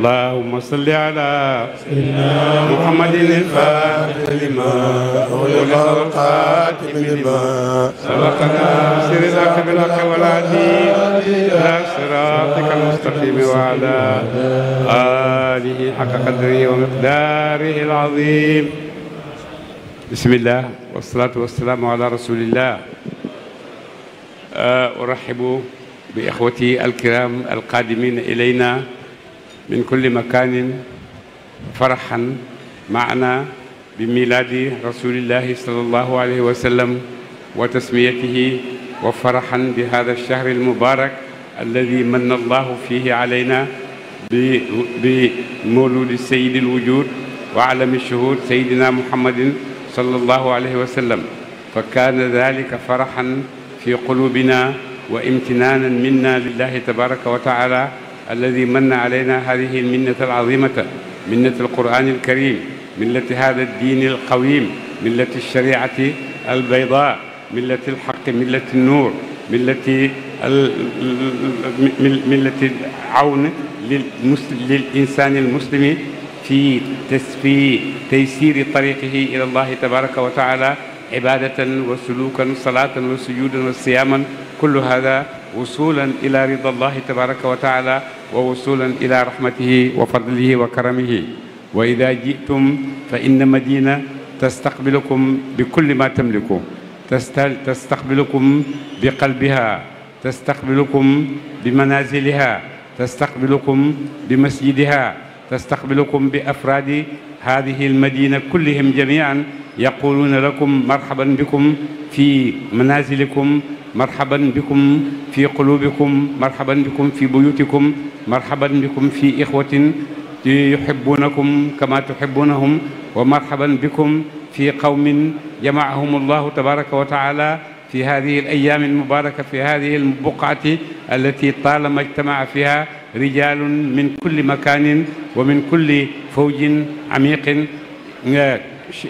اللهم صل على سيدنا محمد الفاتح لما أغلق القاتم لما سبقنا سر ذاك بالحق والهدي إلى صراطك المستقيم وعلى آله حق قدره ومقداره العظيم بسم الله والصلاة والسلام على رسول الله أه، أرحب بإخوتي الكرام القادمين إلينا من كل مكان فرحا معنا بميلاد رسول الله صلى الله عليه وسلم وتسميته وفرحا بهذا الشهر المبارك الذي من الله فيه علينا بمولود سيد الوجود وعلم الشهود سيدنا محمد صلى الله عليه وسلم فكان ذلك فرحا في قلوبنا وامتنانا منا لله تبارك وتعالى الذي من علينا هذه المنة العظيمة منة القرآن الكريم ملة هذا الدين القويم ملة الشريعة البيضاء ملة الحق ملة النور ملة ملة عون للإنسان المسلم في تسفي تيسير طريقه إلى الله تبارك وتعالى عبادة وسلوكا وصلاة وسجودا وصياما كل هذا وصولا إلى رضا الله تبارك وتعالى ووصولا إلى رحمته وفضله وكرمه وإذا جئتم فإن مدينة تستقبلكم بكل ما تملكه تستقبلكم بقلبها تستقبلكم بمنازلها تستقبلكم بمسجدها تستقبلكم بأفراد هذه المدينة كلهم جميعا يقولون لكم مرحبا بكم في منازلكم مرحبا بكم في قلوبكم مرحبا بكم في بيوتكم مرحبا بكم في إخوة يحبونكم كما تحبونهم ومرحبا بكم في قوم جمعهم الله تبارك وتعالى في هذه الأيام المباركة في هذه البقعة التي طالما اجتمع فيها رجال من كل مكان ومن كل فوج عميق آه،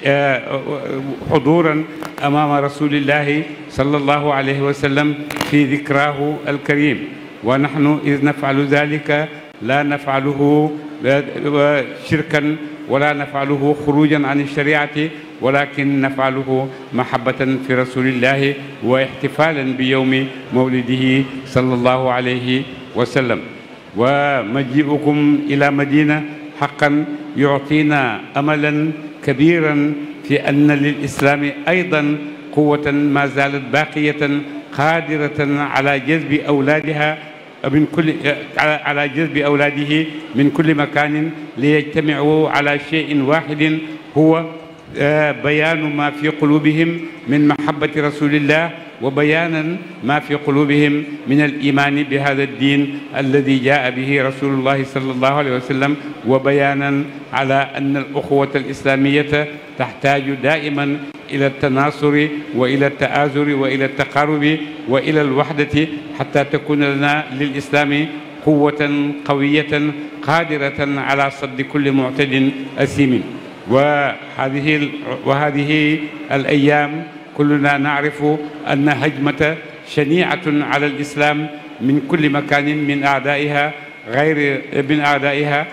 آه، حضورا أمام رسول الله صلى الله عليه وسلم في ذكراه الكريم ونحن إذ نفعل ذلك لا نفعله آه، آه، شركا ولا نفعله خروجا عن الشريعة ولكن نفعله محبة في رسول الله واحتفالا بيوم مولده صلى الله عليه وسلم ومجيئكم إلى مدينة حقا يعطينا أملا كبيرا في أن للإسلام أيضا قوة ما زالت باقية قادرة على جذب أولادها من كل على جذب أولاده من كل مكان ليجتمعوا على شيء واحد هو آه، بيان ما في قلوبهم من محبة رسول الله وبيانا ما في قلوبهم من الإيمان بهذا الدين الذي جاء به رسول الله صلى الله عليه وسلم وبيانا على أن الأخوة الإسلامية تحتاج دائما إلى التناصر وإلى التآزر وإلى التقارب وإلى الوحدة حتى تكون لنا للإسلام قوة قوية قادرة على صد كل معتد أثيم وهذه وهذه الأيام كلنا نعرف أن هجمة شنيعة على الإسلام من كل مكان من أعدائها غير من أعدائها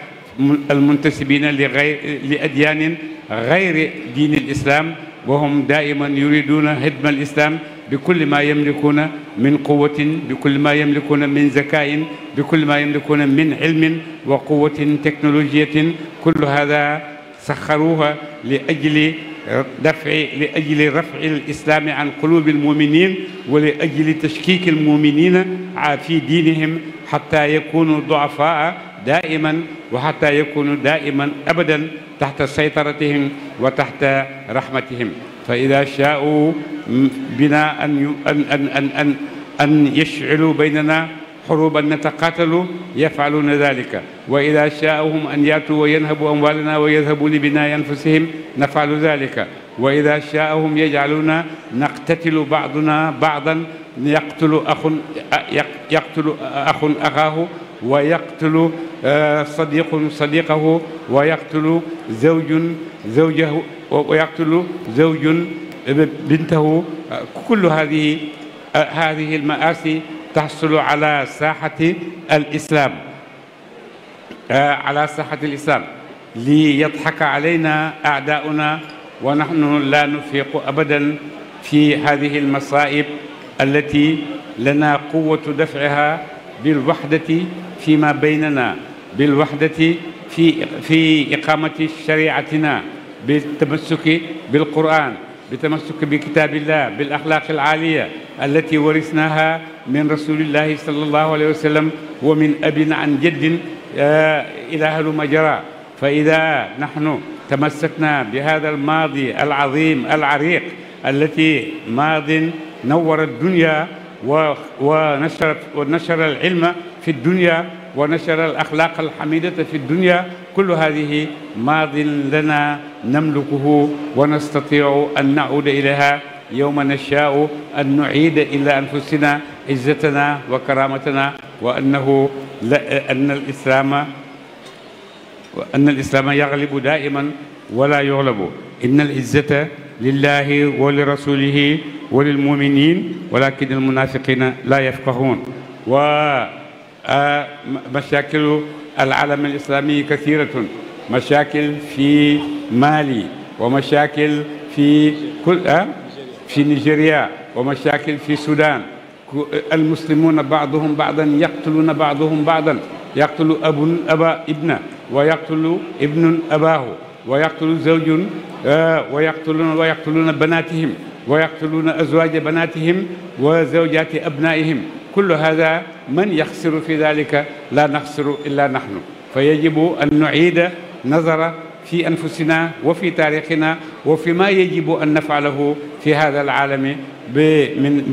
المنتسبين لغير لأديان غير دين الإسلام وهم دائما يريدون هدم الإسلام بكل ما يملكون من قوة بكل ما يملكون من ذكاء بكل ما يملكون من علم وقوة تكنولوجية كل هذا سخروها لأجل دفع لأجل رفع الإسلام عن قلوب المؤمنين ولأجل تشكيك المؤمنين في دينهم حتى يكونوا ضعفاء دائما وحتى يكونوا دائما أبدا تحت سيطرتهم وتحت رحمتهم فإذا شاءوا بنا أن أن أن أن أن يشعلوا بيننا حروبا نتقاتل يفعلون ذلك وإذا شاءهم أن يأتوا وينهبوا أموالنا ويذهبوا لبناء أنفسهم نفعل ذلك وإذا شاءهم يجعلونا نقتتل بعضنا بعضا يقتل أخ يقتل أخ أخاه ويقتل آه، صديق صديقه ويقتل زوج زوجه ويقتل زوج بنته كل هذه آه، هذه المآسي تحصل على ساحة الإسلام آه، على ساحة الإسلام ليضحك علينا أعداؤنا ونحن لا نفيق أبدا في هذه المصائب التي لنا قوة دفعها بالوحدة فيما بيننا بالوحدة في في إقامة شريعتنا بالتمسك بالقرآن بتمسك بكتاب الله بالأخلاق العالية التي ورثناها من رسول الله صلى الله عليه وسلم ومن أب عن جد آه، إلى أهل جرى فإذا نحن تمسكنا بهذا الماضي العظيم العريق التي ماض نور الدنيا ونشر العلم في الدنيا ونشر الأخلاق الحميدة في الدنيا كل هذه ماض لنا نملكه ونستطيع أن نعود إليها يوم نشاء أن نعيد إلى أنفسنا عزتنا وكرامتنا وأنه أن الإسلام وأن الإسلام يغلب دائما ولا يغلب إن العزة لله ولرسوله وللمؤمنين ولكن المنافقين لا يفقهون ومشاكل العالم الإسلامي كثيرة مشاكل في مالي ومشاكل في كل في نيجيريا ومشاكل في السودان المسلمون بعضهم بعضا يقتلون بعضهم بعضا يقتل أب أبا ابنه ويقتل ابن أباه ويقتل زوج آه، ويقتلون ويقتلون بناتهم ويقتلون أزواج بناتهم وزوجات أبنائهم كل هذا من يخسر في ذلك لا نخسر إلا نحن فيجب أن نعيد نظر في أنفسنا وفي تاريخنا وفيما يجب أن نفعله في هذا العالم من,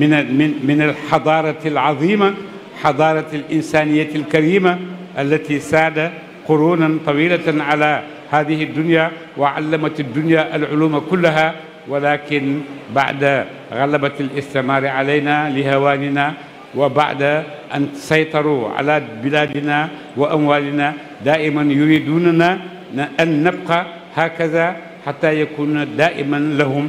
من, من, من الحضارة العظيمة حضارة الإنسانية الكريمة التي ساد قرونا طويلة على هذه الدنيا وعلمت الدنيا العلوم كلها ولكن بعد غلبة الاستعمار علينا لهواننا وبعد أن سيطروا على بلادنا وأموالنا دائما يريدوننا أن نبقى هكذا حتى يكون دائما لهم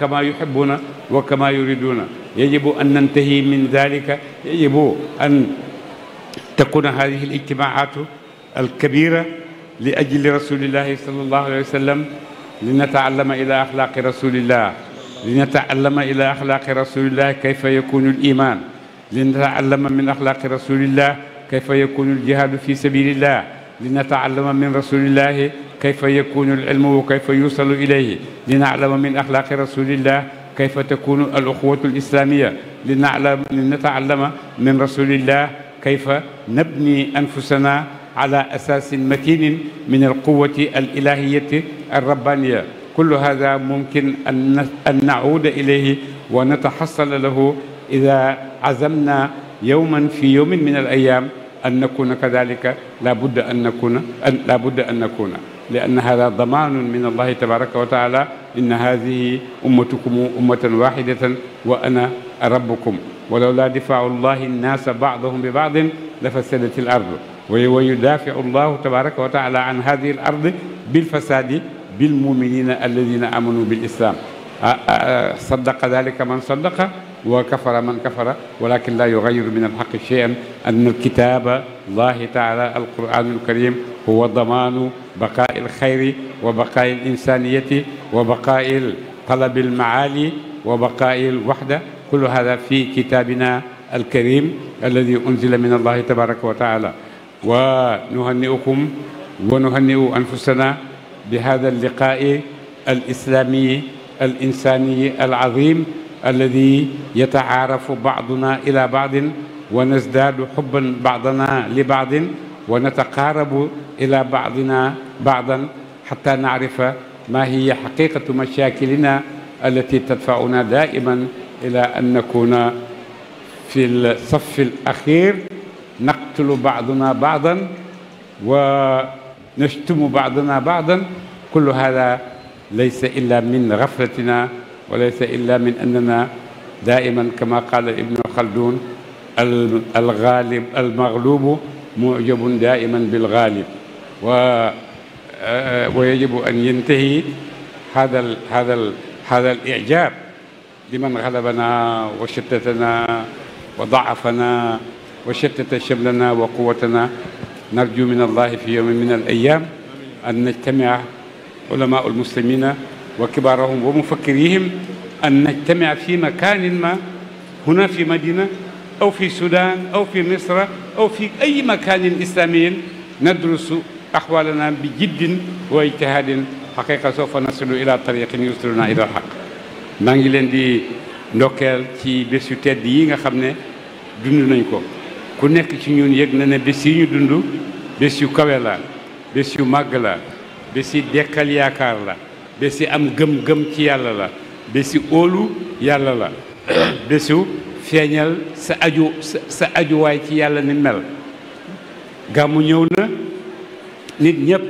كما يحبون وكما يريدون يجب أن ننتهي من ذلك يجب أن تكون هذه الاجتماعات الكبيرة لأجل رسول الله صلى الله عليه وسلم لنتعلم إلى أخلاق رسول الله لنتعلم إلى أخلاق رسول الله كيف يكون الإيمان لنتعلم من أخلاق رسول الله كيف يكون الجهاد في سبيل الله لنتعلم من رسول الله كيف يكون العلم وكيف يوصل إليه لنعلم من أخلاق رسول الله كيف تكون الأخوة الإسلامية لنعلم لنتعلم من رسول الله كيف نبني أنفسنا على أساس متين من القوة الإلهية الربانية كل هذا ممكن أن نعود إليه ونتحصل له إذا عزمنا يوما في يوم من الأيام أن نكون كذلك لابد أن نكون أن لابد أن نكون لأن هذا ضمان من الله تبارك وتعالى إن هذه أمتكم أمة واحدة وأنا ربكم ولولا دفاع الله الناس بعضهم ببعض لفسدت الأرض ويدافع الله تبارك وتعالى عن هذه الأرض بالفساد بالمؤمنين الذين آمنوا بالإسلام صدق ذلك من صدق وكفر من كفر ولكن لا يغير من الحق شيئا أن الكتاب الله تعالى القرآن الكريم هو ضمان بقاء الخير وبقاء الإنسانية وبقاء طلب المعالي وبقاء الوحدة كل هذا في كتابنا الكريم الذي أنزل من الله تبارك وتعالى ونهنئكم ونهنئ أنفسنا بهذا اللقاء الإسلامي الإنساني العظيم الذي يتعارف بعضنا إلى بعض ونزداد حبا بعضنا لبعض ونتقارب إلى بعضنا بعضا حتى نعرف ما هي حقيقة مشاكلنا التي تدفعنا دائما إلى أن نكون في الصف الأخير نقتل بعضنا بعضا ونشتم بعضنا بعضا كل هذا ليس إلا من غفلتنا وليس إلا من أننا دائما كما قال ابن خلدون الغالب المغلوب معجب دائما بالغالب و آه، ويجب أن ينتهي هذا الـ هذا الـ هذا الإعجاب لمن غلبنا وشتتنا وضعفنا وشتت شملنا وقوتنا نرجو من الله في يوم من الأيام أن نجتمع علماء المسلمين وكبارهم ومفكريهم أن نجتمع في مكان ما هنا في مدينة أو في السودان أو في مصر أو في أي مكان إسلامي ندرس أحوالنا بجد واجتهاد حقيقة سوف نصل إلى طريق يوصلنا إلى الحق maa ngi leen di ndokkeel ci bésu tedd yi nga xam ne dund nañ ko ku nekk ci ñun yëg na ne bés yi ñu dund bés yu bési am gëm-gëm ci yàlla la bési óolu yàlla la bésu feeñal sa aju sa ajuwaay ci yàlla ni mel gàmmu ñëw na nit ñëpp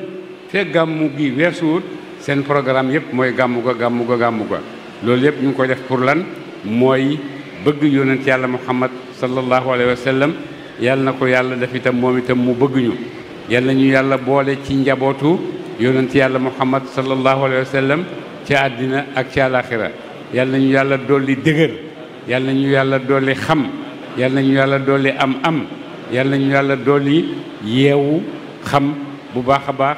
fekk gàmmu gi weesuwut seen programme yëpp mooy gàmmu ga gàmmu ga gàmmu ga loolu yëpp ñu ngi koy def pour lan mooy bëgg yonent yàlla muhammad sallallahu alayhi wa sallam yàlla na ko yàlla def itam moom itam mu bëgguñu ñu yàlla ñu yàlla boole ci njabootu yonent yàlla muhammad sallallahu alayhi wa sallam ci àddina ak ci àlaxira yàlla nañu yàlla dolli dëgër yàlla nañu yàlla dolli xam yàlla nañu yàlla dolli am am yàlla nañu yàlla dolli yeewu xam bu baax a baax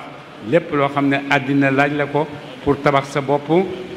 lépp loo xam ne àddina laaj la ko pour tabax sa bopp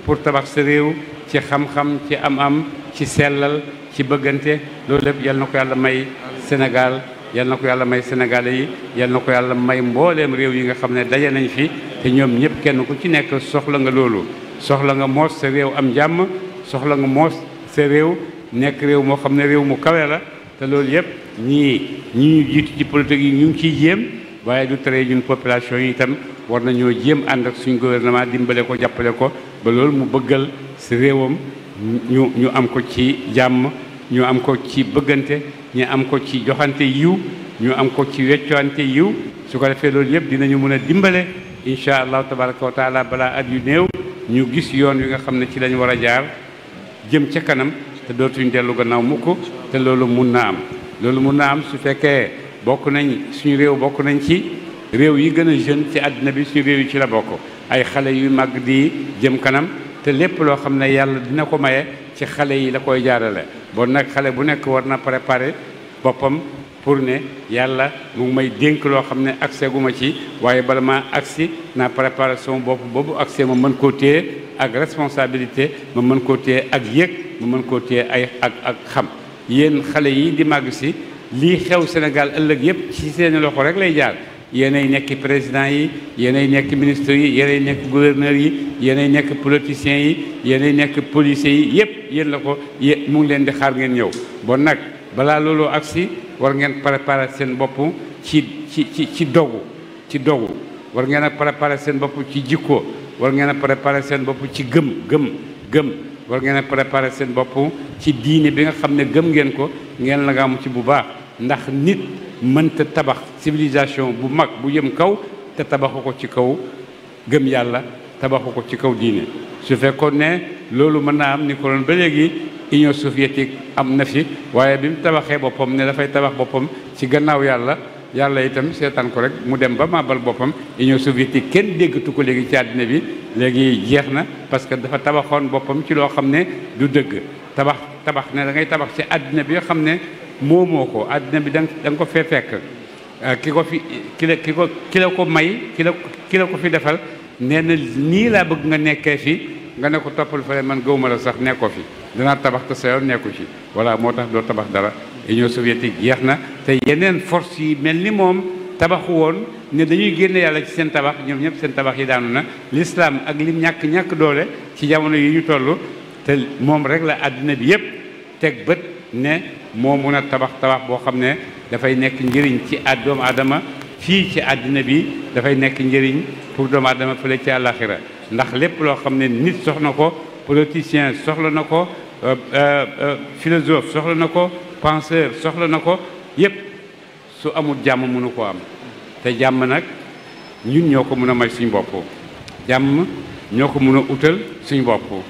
pour tabax sa réew ci xam-xam ci am am ci sellal ci bëggante loolu lépp yàlla na ko yàlla may Sénégal yal na ko yàlla may sénégalais yi yal na ko yàlla may mbooleem réew yi nga xam ne daje nañ fi te ñoom ñëpp kenn ku ci nekk soxla nga loolu soxla nga moos sa réew am jàmm soxla nga moos sa réew nekk réew moo xam ne réew mu kawe la te loolu yëpp ñii ñi ñu jiitu ci politique yi ñu ngi ciy jéem waaye du tere ñun population yi itam war ñoo jéem ànd ak suñ gouvernement dimbale ko jàppale ko ba loolu mu bëggal si réewam ñu ñu am ko ci jàmm ñu am ko ci bëggante ñu am ko ci joxante yiw ñu am ko ci weccoante yiw su ko defee loolu yëpp dinañu mën a dimbale incha allah tabaraka wa taala balaa at yu néew ñu gis yoon wi nga xam ne ci lañ war a jaar jëm ca kanam te dootuñ dellu gannaaw mukk te loolu mun na am loolu mun na am su fekkee bokk nañ suñu réew bokk nañ ci réew yi gën a jeune ci àddina bi suñu réew yi ci la bokk ay xale yu mag di jëm kanam te lépp loo xam ne yàlla dina ko maye ci xale yi la koy jaarale bon nag xale bu nekk war na préparer boppam pour ne yàlla mu ngi may dénk loo xam ne accès gu ci waaye bala ma agsi na préparation bopp boobu accès ma mën koo téye ak responsabilité ma mën koo téye ak yëg ma mën koo téye ay ak ak xam yéen xale yi di màgg si lii xew Sénégal ëllëg yëpp ci seen loxo rek lay jaar yéenay nekk président yi yéenay nekk ministre yi yéenay nekk gouverneur yi yéenay nekk politiciens yi yéenay nekk policiers yi yépp yéen la ko yé mu ngi leen di xaar ngeen ñëw bon nag balaa loolu agsi war ngeen préparer seen bopp ci ci ci ci dogu ci dogu war ngeen a préparer seen bopp ci jikko war ngeen a préparer seen bopp ci gëm gëm gëm war ngeen a préparer seen bopp ci diine bi nga xam ne gëm ngeen ko ngeen la nga am ci bu baax ndax nit mënta tabax civilisation bu mag bu yëm kaw te tabaxu ko ci kaw gëm yàlla tabaxu ko ci kaw diine su fekkoon ne loolu am ni ko doon ba union soviétique am na fi waaye bi mu tabaxee boppam ne dafay tabax boppam ci gannaaw yàlla yàlla itam seetaan ko rek mu dem ba mabal boppam union soviétique kenn déggatu ko léegi ci àddina bi léegi jeex na parce que dafa tabaxoon boppam ci loo xam ne du dëgg tabax tabax ne da ngay tabax ci àddina bi moomoo ko àddina bi da nga ko fee fekk euh, ki ko fi ki la ki ko ko may ki la ko fi defal nee na nii laa bëgg nga nekkee fi nga ne ko toppal fale man gëwuma la sax nekkoo fi danaa tabax te sa yoon nekku ci voilà moo tax doo tabax dara Union soviétique jeex na te yeneen force yi mel ni moom tabaxu woon ne dañuy génne yàlla ci seen tabax ñoom ñëpp seen tabax yi daanu na l'islam ak li ñàkk ñàkk doole ci jamono yi ñu toll te moom rek la àddina bi yëpp teg bët mo meuna a tabax tabax boo xam ne dafay nekk njëriñ ci adom adama fi ci àddina bi da fay nek njëriñ pour dom adama fële ci alakhirah ndax lépp lo xamne nit soxnako ko politicien soxla na ko philosophe soxla na ko penseur soxla na su amul jàmm mënu ko am te jàmm nak ñun ñoko meuna may suñu bop jàmm ñoko meuna mën a utal suñu bopp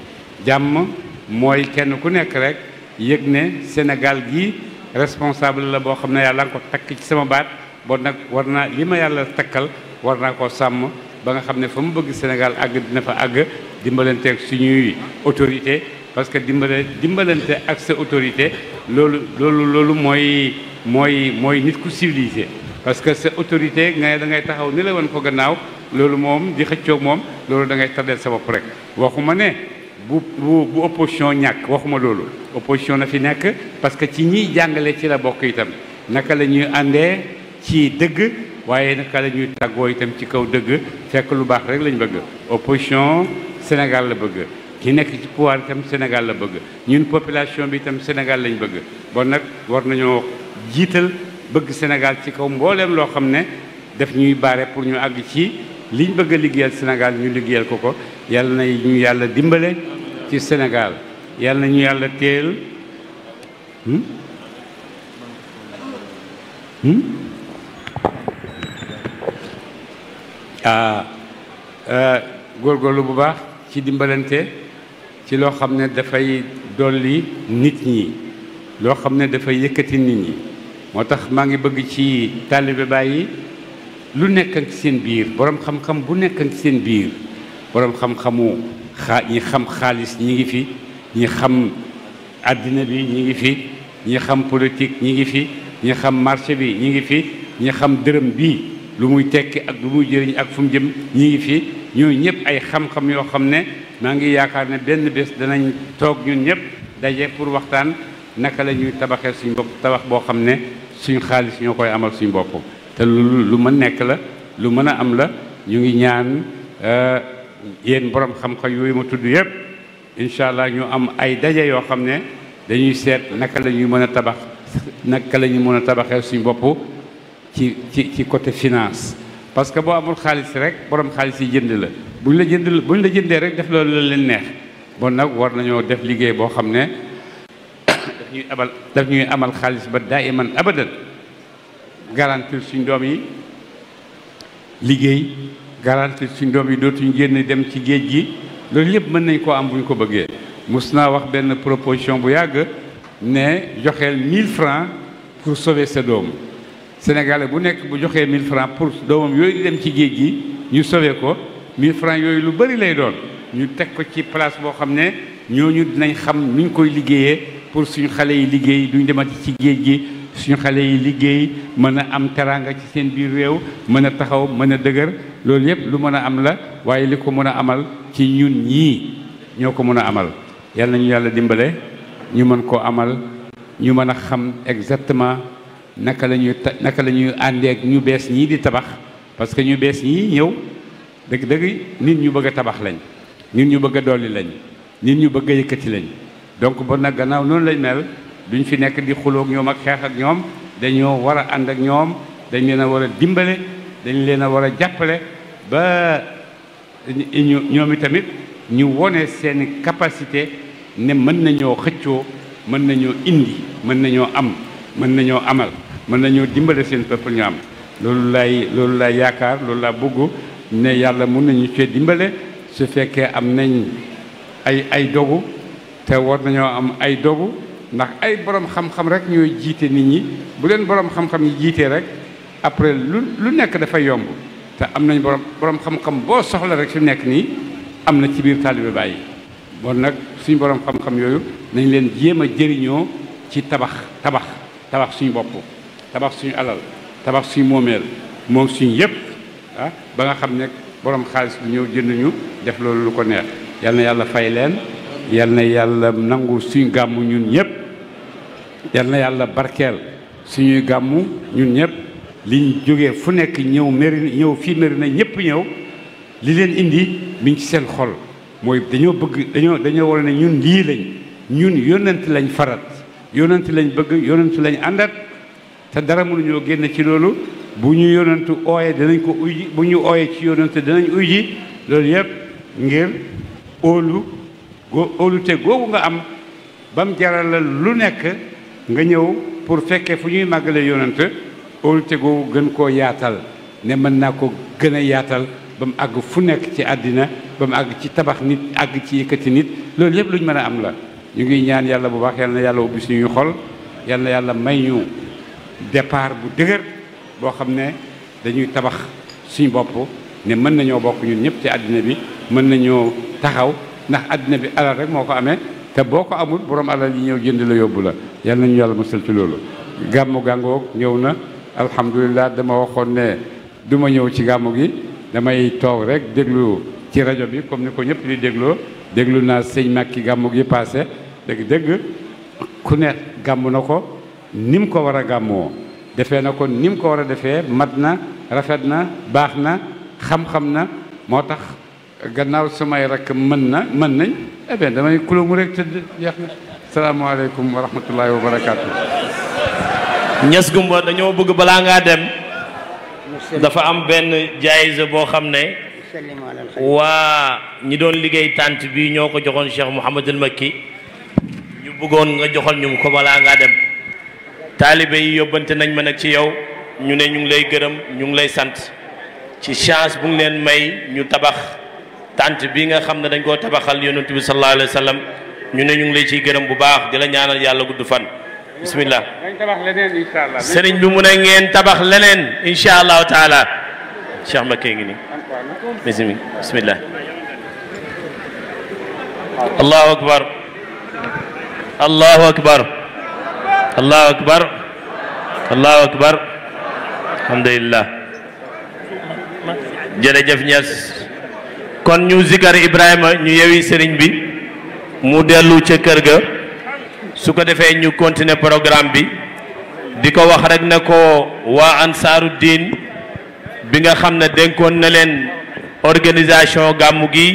jàmm moy kenn ku nek rek yëg ne Sénégal gi responsable la boo xam ne yàlla nga ko takk ci sama baat bon nag war naa li ma yàlla takkal war naa ko sàmm ba nga xam ne fa mu bëgg Sénégal àgg dina fa àgg dimbalante ak suñuy autorité parce que dimbale dimbalante ak sa autorité loolu loolu mooy mooy mooy nit ku civilisé parce que sa autorité nga dangay taxaw ni la woon ko gannaaw loolu moom di xëccoo moom loolu da ngay tardeel sa bopp rek waxuma ne bu bu opposition ñàkk waxuma loolu opposition na fi nekk parce que ci ñi jàngale ci la bokk itam naka la ñuy àndee ci dëgg wayé naka la ñuy tàggoo itam ci kaw dëgg fekk lu bax rek lañ bëgg opposition Sénégal la bëgg ki nekk ci pouvoir itam Sénégal la bëgg ñun population bi itam Sénégal lañ bëgg bon nak war nañu jiital bëgg Sénégal ci kaw mbooleem lo xamné ne daf ñuy baré pour ñu ag ci liñ bëgg a liggéeyal Sénégal ñu liggéeyal ko ko yàlla na ñu yalla dimbalé ci senegaal yàlla nañu yàlla teel hmm? Hmm? ah euh, góorgóorlu bu baax ci dimbalante ci loo xam ne dafay dolli nit ñi loo xam ne dafay yëkkati nit ñi moo tax maa ngi bëgg ci taalibe bàyyi lu nekk ak seen biir boroom xam-xam bu nekk ak seen biir boroom xam-xamu xaa ñi xam xaalis ñi ngi fi ñi xam àddina bi ñi ngi fi ñi xam politique ñi ngi fi ñi xam marché bi ñi ngi fi ñi xam dërëm bii lu muy tekki ak lu muy jëriñ ak fu mu jëm ñi ngi fi ñoo ñëpp ay xam-xam yoo xam ne maa ngi yaakaar ne benn bés danañ toog ñun ñëpp daje pour waxtaan naka la ñuy tabaxee suñ bopp tabax boo xam ne suñ xaalis ñoo koy amal suñ bopp te lu lu mën nekk la lu mën a am la ñu ngi ñaan yéen borom xam-xam yooyu ma tudd yëpp incha allah ñoo am ay daje yoo xam ne dañuy seet naka la ñuy mën a tabax naka la mën a tabaxee suñu bopp ci ci ci côté finance. parce que boo amul xaalis rek borom xaalis yi jënd la buñ la jënd buñ la jëndee rek def loolu la leen neex bon nag war nañoo def liggéey boo xam ne daf ñuy abal daf ñuy amal xaalis ba daa daayiman abadan garantir suñ doom yi liggéey. garanti suñ doom yi dootuñ génn dem ci géej gi loolu yëpp mën nañ koo am buñ ko bëggee mus naa wax benn proposition bu yàgg ne joxeel 1000 francs pour sauver sa doom sénégalais bu nekk bu joxee 1000 francs pour doomam yooyu di dem ci géej gi ñu sauver ko 1000 francs yooyu lu bëri lay doon ñu teg ko ci place boo xam ne ñooñu dinañ xam nuñ koy liggéeyee pour suñu xale yi liggéey duñ demati ci géej gi suñu xale yi liggéey mën a am teraanga ci seen biir réew mën a taxaw mën a dëgër loolu yëpp lu mën a am la waaye li ko mën a amal ci ñun ñii ñoo ko mën a amal yal nañu yàlla dimbale ñu mën koo amal ñu mën a xam exactement naka la ñuy naka la ñuy àndee ñu bees ñii di tabax parce que ñu bees ñii ñëw dëgg dëgg nit ñu bëgg a tabax lañ nit ñu bëgg a dolli lañ nit ñu bëgg a yëkkati lañ donc bon nag gannaaw noonu lañ mel lu ñu fi nekk di xuloog ñoom ak xeex ak ñoom dañoo war a ànd ak ñoom dañ leen a war a dimbale dañ leen a war a jàppale ba ñu ñoom itamit ñu wone seen capacité ne mën nañoo xëccoo mën nañoo indi mën nañoo am mën nañoo amal mën nañoo dimbale seen peuple ñu am loolu laay loolu laay yaakaar loolu laa bëgg ne yàlla mun nañu cee dimbale su fekkee am nañ ay ay dogu te war nañoo am ay dogu ndax ay borom xam-xam rek ñooy jiite nit ñi bu leen borom xam-xam yi jiitee rek après lu lu nekk dafay yomb te am nañ borom borom xam-xam boo soxla rek su nekk nii am na ci biir taalibe bàyyi bon nag suñu borom xam-xam yooyu nañ leen jéem a jëriñoo ci tabax tabax tabax suñu bopp tabax suñu alal tabax suñu moomeel moom suñu yëpp ah ba nga xam ne borom xaalis bu ñëw jënd ñu def loolu lu ko neex yal na yàlla fay leen. yal na yàlla nangu suñu gàmmu ñun ñëpp yal na yàlla barkeel suñuy gàmmu ñun ñëpp liñ jóge fu nekk ñëw Médina ñëw fii Médina ñëpp ñëw li leen indi mi ngi ci seen xol mooy dañoo bëgg dañoo dañoo war ne ñun lii lañ ñun yonent lañ farat yonent lañ bëgg yonent lañ àndat te dara mënuñoo génn ci loolu bu ñu yonentu ooyee dinañ ko uy bu ñu ooyee ci yonent dinañ uy ji loolu yëpp ngir óolu goo óolute googu nga am ba mu jaral la lu nekk nga ñëw pour fekkee fu ñuy màggale yonent óolute googu gën koo yaatal ne mën naa ko gën a yaatal ba mu àgg fu nekk ci àddina ba mu àgg ci tabax nit àgg ci yëkkati nit loolu lépp lu ñu mën a am la ñu ngi ñaan yàlla bu baax yàlla na yàlla ubbi suñuy xol yàlla yàlla may ñu départ bu dëgër boo xam ne dañuy tabax suñu bopp ne mën nañoo bokk ñun ñëpp ci àddina bi mën nañoo taxaw ndax adina bi alal rek moko amé te boko amul borom alal yi ñëw jënd la yobul la yalla ñu yàlla mussel ci loolu gamu gango ñëw na alhamdulilah dama waxoon ne du ñëw ci gamu gi damay toog rek déglu ci radio bi comme ni ko ñëpp di déglo déglu na sëñ Macky gamu gi passé dëgg dëgg ku neex gamu nako nim ko wara gamu défé nako nim ko wara défé ko rafetna baxna xam xamna motax gannaaw samay rakk mën na mën nañ eh damay kuló mu rek tëdd jeex na salaamaaleykum wa rahmatullahi wa ñes gumba dañoo bëgg balaa ngaa dem dafa am benn jaayise boo xam ne waa ñi doon liggéey tànt bi ñoo ko joxoon Cheikh Mouhamadul Makki ñu bëggoon nga joxal ñu ko balaa ngaa dem taalibe yi yóbbante nañ ma nag ci yow ñu ne ñu ngi lay gërëm ñu ngi lay sant ci chance bu ngi leen may ñu tabax tant bi nga xamne dañ ko tabaxal yonnati bi sallallahu alayhi wasallam ñu ne ñu ngi lay ci gërëm bu baax di la ñaanal yàlla guddu fan bismillah dañ tabax leneen inshallah serign bi mu ne ngeen tabax leneen inshallah taala cheikh makay ngi ni bismillah allahu akbar allahu akbar allahu akbar allahu akbar alhamdulillah jërëjëf ñes kon ñu zikkar Ibrahima ñu yewi sëriñ bi mu dellu ca kër ga su ko defee ñu continuer programme bi di ko wax rek ne ko waa ansaaru diin bi nga xam ne dénkoon na leen organisation gàmmu gi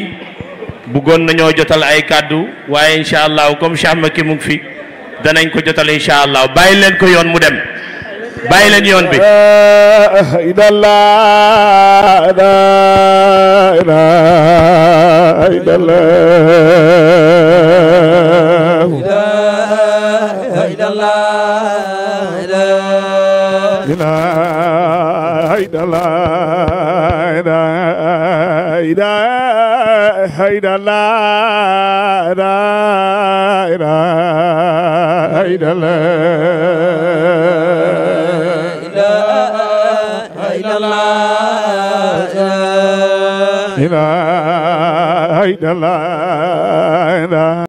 bëggoon nañoo jotal ay kàddu waaye incha allah comme Cheikh ki mu ngi fi danañ ko jotal incha allah bàyyi leen ko yoon mu dem. bàyyi leen yoon bi hayda la la la hayda la لا إله إلا الله